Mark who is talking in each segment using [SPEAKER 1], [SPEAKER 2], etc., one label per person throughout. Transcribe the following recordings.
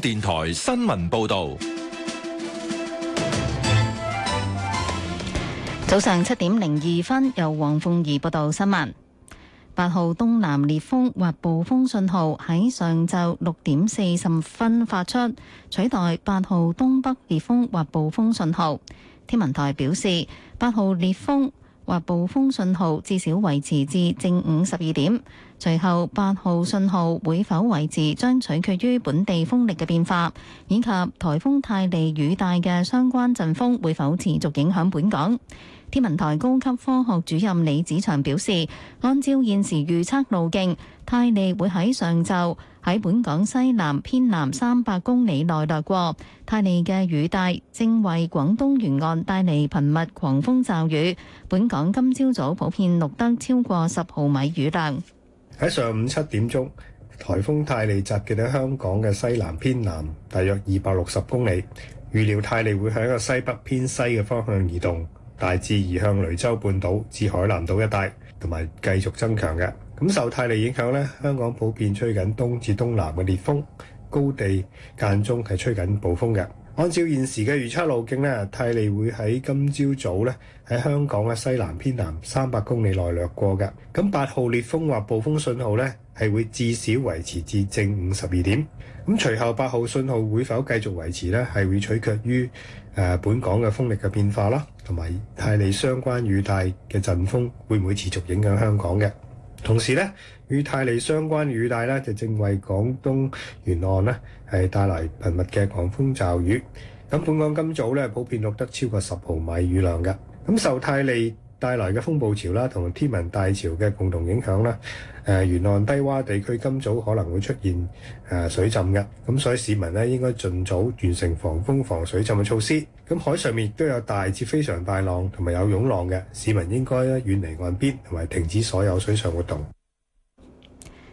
[SPEAKER 1] 電
[SPEAKER 2] 台新聞報道，
[SPEAKER 3] 早上七點零二分，由黃鳳儀報道新聞。八號東南烈風或暴風信號喺上晝六點四十分發出，取代八號東北烈風或暴風信號。天文台表示，八號烈風或暴風信號至少維持至正午十二點，隨後八號信號會否維持將取決於本地風力嘅變化，以及颱風泰利雨帶嘅相關陣風會否持續影響本港。天文台高級科學主任李子祥表示，按照現時預測路徑，泰利會喺上晝喺本港西南偏南三百公里內掠過。泰利嘅雨帶正為廣東沿岸帶嚟頻密狂風驟雨，本港今朝早，早普遍錄得超過十毫米雨量。
[SPEAKER 1] 喺上午七點鐘，颱風泰利集結喺香港嘅西南偏南，大約二百六十公里。預料泰利會向一個西北偏西嘅方向移動。大致移向雷州半島至海南島一帶，同埋繼續增強嘅。咁受泰利影響咧，香港普遍吹緊東至東南嘅烈風，高地間中係吹緊暴風嘅。按照現時嘅預測路徑咧，泰利會喺今朝早咧喺香港嘅西南偏南三百公里內掠過嘅。咁八號烈風或暴風信號咧？係會至少維持至正午十二點。咁隨後八號信號會否繼續維持呢？係會取決於誒本港嘅風力嘅變化啦，同埋泰利相關雨帶嘅陣風會唔會持續影響香港嘅？同時呢，與泰利相關雨帶呢，就正為廣東沿岸呢係帶來頻密嘅狂風驟雨。咁本港今早呢，普遍錄得超過十毫米雨量嘅。咁受泰利帶來嘅風暴潮啦，同天文大潮嘅共同影響啦，誒、呃、沿岸低窪地區今早可能會出現誒、呃、水浸嘅，咁所以市民呢應該盡早完成防風防水浸嘅措施。咁海上面亦都有大至非常大浪，同埋有湧浪嘅，市民應該呢遠離岸邊同埋停止所有水上活動。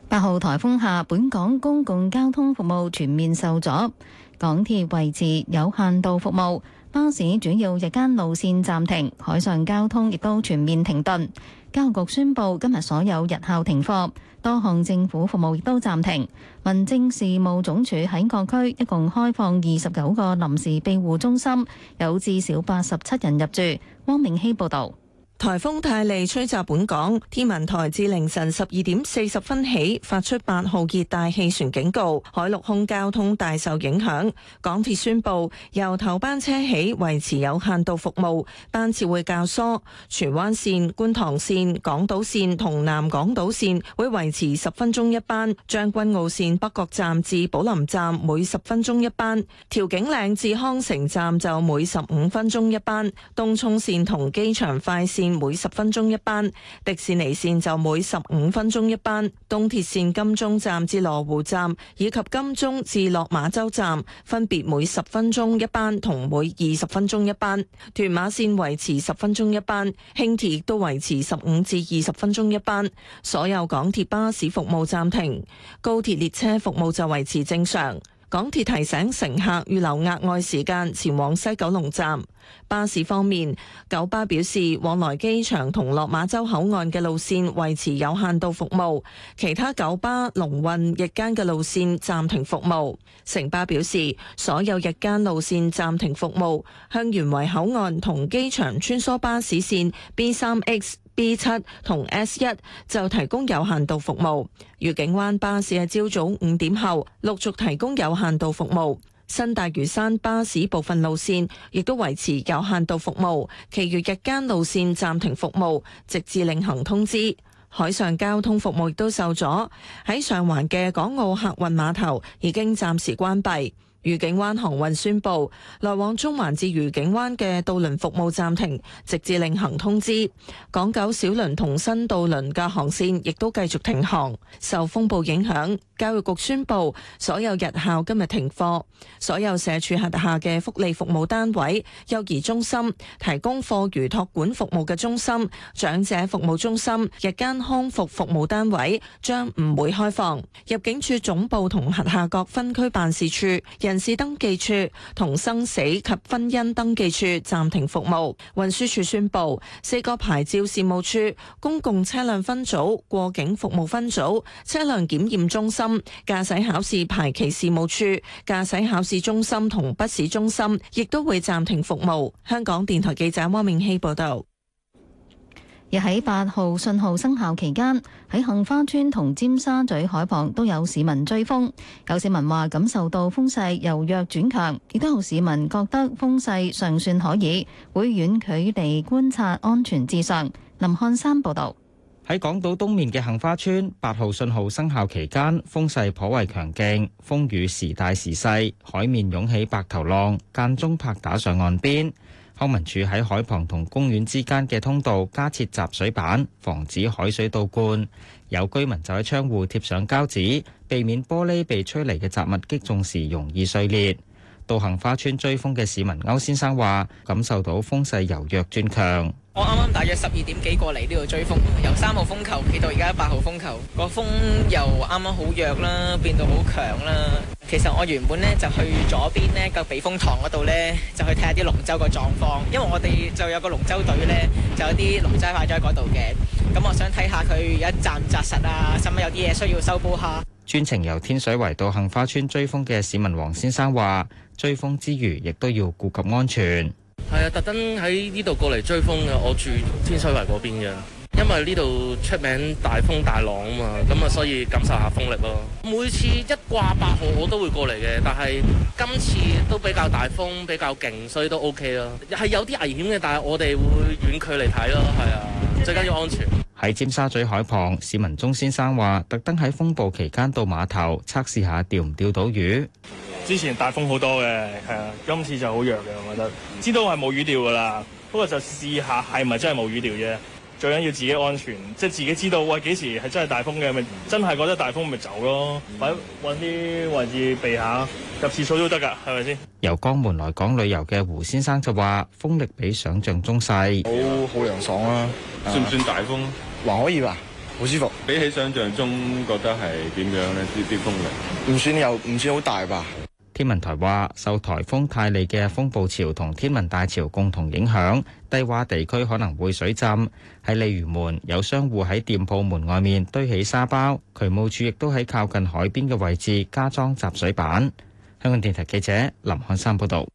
[SPEAKER 3] 八號颱風下，本港公共交通服務全面受阻，港鐵維持有限度服務。巴士主要日間路線暫停，海上交通亦都全面停頓。教育局宣布，今日所有日校停課，多項政府服務亦都暫停。民政事務總署喺各區一共開放二十九個臨時庇護中心，有至少八十七人入住。
[SPEAKER 4] 汪明熙報道。颱風泰利吹襲本港，天文台至凌晨十二點四十分起發出八號熱帶氣旋警告，海陸空交通大受影響。港鐵宣布由頭班車起維持有限度服務，班次會較疏。荃灣線、觀塘線、港島線同南港島線會維持十分鐘一班，將軍澳線北角站至寶林站每十分鐘一班，調景嶺至康城站就每十五分鐘一班，東涌線同機場快線每十分鐘一班，迪士尼線就每十五分鐘一班。東鐵線金鐘站至羅湖站以及金鐘至落馬洲站分別每十分鐘一班同每二十分鐘一班。屯馬線維持十分鐘一班，輕鐵亦都維持十五至二十分鐘一班。所有港鐵巴士服務暫停，高鐵列車服務就維持正常。港鐵提醒乘客預留額外時間前往西九龍站。巴士方面，九巴表示往來機場同落馬洲口岸嘅路線維持有限度服務，其他九巴、龍運日間嘅路線暫停服務。城巴表示所有日間路線暫停服務，香園圍口岸同機場穿梭巴士線 B3X、B7 同 S1 就提供有限度服務。愉景灣巴士喺朝早五點後陸續提供有限度服務，新大嶼山巴士部分路線亦都維持有限度服務，其餘日間路線暫停服務，直至另行通知。海上交通服務亦都受阻，喺上環嘅港澳客運碼頭已經暫時關閉。愉景灣航運宣布，來往中環至愉景灣嘅渡輪服務暫停，直至另行通知。港九小輪同新渡輪嘅航線亦都繼續停航，受風暴影響。教育局宣布，所有日校今日停課，所有社署轄下嘅福利服務單位、幼兒中心、提供課餘托管服務嘅中心、長者服務中心、日間康復服務單位將唔會開放。入境處總部同轄下各分區辦事處、人事登記處同生死及婚姻登記處暫停服務。運輸處宣布，四個牌照事務處、公共車輛分組、過境服務分組、車輛檢驗中心。駕駛考試排期事務處、駕駛考試中心同筆試中心亦都會暫停服務。香港電台記者汪明熙報道。
[SPEAKER 3] 而喺八號信號生效期間，喺杏花邨同尖沙咀海傍都有市民追風。有市民話感受到風勢由弱轉強，亦都有市民覺得風勢尚算可以，會遠距離觀察，安全至上。林漢山報道。
[SPEAKER 2] 喺港島東面嘅杏花邨，八號信號生效期間，風勢頗為強勁，風雨時大時細，海面湧起白頭浪，間中拍打上岸邊。康文署喺海旁同公園之間嘅通道加設集水板，防止海水倒灌。有居民就喺窗戶貼上膠紙，避免玻璃被吹嚟嘅雜物擊中時容易碎裂。到杏花邨追風嘅市民歐先生話：感受到風勢由弱轉強。我啱啱大約十二點幾過嚟呢度追風，由三號風球起到而家八號風球，個風由啱啱好弱啦，變到好強啦。其實我原本咧就去咗邊呢個避風塘嗰度咧，就去睇下啲龍舟個狀況，因為我哋就有個龍舟隊咧，就有啲龍舟擺咗喺嗰度嘅。咁、嗯、我想睇下佢一紮唔紮實啊，使唔使有啲嘢需要修補下？專程由天水圍到杏花村追風嘅市民黃先生話：追風之餘，亦都要顧及安全。特登喺呢度過嚟追風嘅，我住天水圍嗰邊嘅，因為呢度出名大風大浪啊嘛，咁啊所以感受下風力咯。每次一掛八號，我都會過嚟嘅，但係今次都比較大風，比較勁，所以都 OK 咯。係有啲危險嘅，但係我哋會遠距離睇咯，係啊，最緊要安全。喺尖沙咀海旁，市民鍾先生話，特登喺風暴期間到碼頭測試下釣唔釣到魚。
[SPEAKER 1] 之前大風好多嘅，係啊，今次就好弱嘅，我覺得。知道係冇魚釣噶啦，不過就試下係咪真係冇魚釣啫。最緊要自己安全，即係自己知道，哇、哎、幾時係真係大風嘅，咪、嗯、真係覺得大風咪走咯，或者搵啲位置避下，入廁所都得㗎，係咪先？
[SPEAKER 2] 由江門來港旅遊嘅胡先生就話：風力比想象中細，好好涼爽啊！
[SPEAKER 1] 吧算唔算大風？還可以吧，好舒服。比起想象中覺得係點樣咧？呢啲風力唔算又唔算好大吧。
[SPEAKER 2] 天文台話，受颱風泰利嘅風暴潮同天文大潮共同影響，低窪地區可能會水浸。喺鯉魚門有商戶喺店鋪門外面堆起沙包，渠務署亦都喺靠近海邊嘅位置加裝集水板。香港電台記者林漢山報道。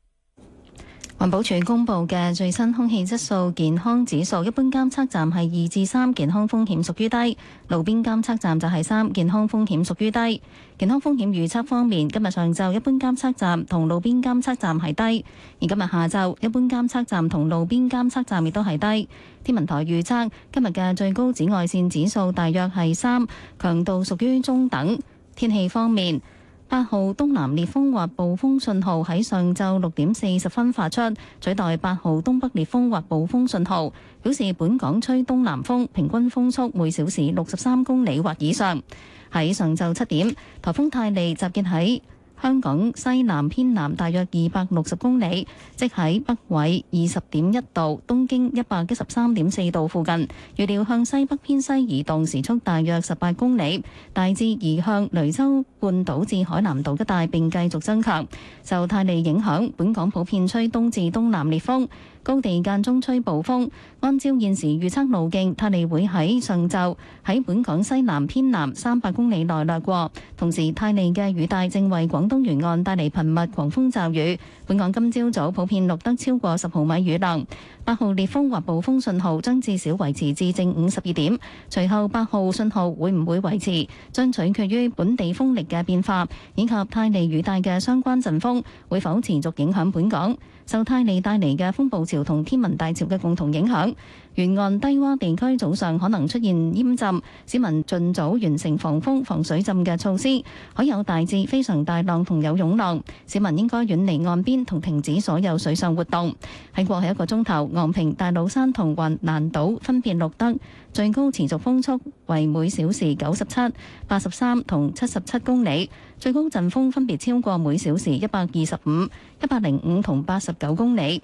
[SPEAKER 3] 環保署公布嘅最新空氣質素健康指數，一般監測站係二至三，健康風險屬於低；路邊監測站就係三，健康風險屬於低。健康風險預測方面，今日上晝一般監測站同路邊監測站係低，而今日下晝一般監測站同路邊監測站亦都係低。天文台預測今日嘅最高紫外線指數大約係三，強度屬於中等。天氣方面。八號東南烈風或暴風信號喺上晝六點四十分發出，取代八號東北烈風或暴風信號，表示本港吹東南風，平均風速每小時六十三公里或以上。喺上晝七點，颱風泰利集結喺香港西南偏南，大約二百六十公里，即喺北緯二十點一度、東經一百一十三點四度附近。預料向西北偏西移動，時速大約十八公里，大致移向雷州半島至海南島一帶，並繼續增強。受泰利影響，本港普遍吹東至東南烈風。高地間中吹暴風，按照現時預測路徑，泰利會喺上晝喺本港西南偏南三百公里內掠過。同時，泰利嘅雨帶正為廣東沿岸帶嚟頻密狂風驟雨。本港今朝早早普遍錄得超過十毫米雨量。八號烈風或暴風信號將至少維持至正午十二點。隨後八號信號會唔會維持，將取決於本地風力嘅變化以及泰利雨帶嘅相關陣風會否持續影響本港。受泰利帶嚟嘅風暴潮同天文大潮嘅共同影響，沿岸低窪地區早上可能出現淹浸，市民盡早完成防風防水浸嘅措施。可有大至非常大浪同有湧浪，市民應該遠離岸邊同停止所有水上活動。喺過去一個鐘頭，昂坪、大老山同雲南島分別錄得最高持續風速為每小時九十七、八十三同七十七公里，最高陣風分別超過每小時一百二十五、一百零五同八十九公里。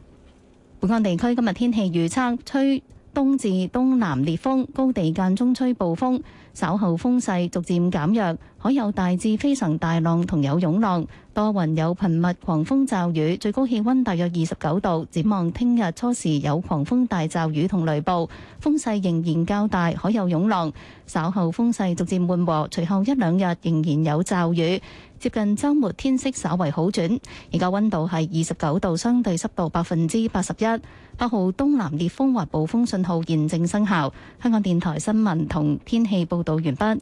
[SPEAKER 3] 本港地區今日天，天氣預測吹東至東南烈風，高地間中吹暴風，稍後風勢逐漸減弱，海有大致非常大浪同有湧浪。多雲有頻密狂風驟雨，最高氣溫大約二十九度。展望聽日初時有狂風大驟雨同雷暴，風勢仍然較大，海有湧浪。稍後風勢逐漸緩和，隨後一兩日仍然有驟雨。接近周末天色稍為好轉。而家溫度係二十九度，相對濕度百分之八十一。八號東南烈風或暴風信號現正生效。香港電台新聞同天氣報道完畢。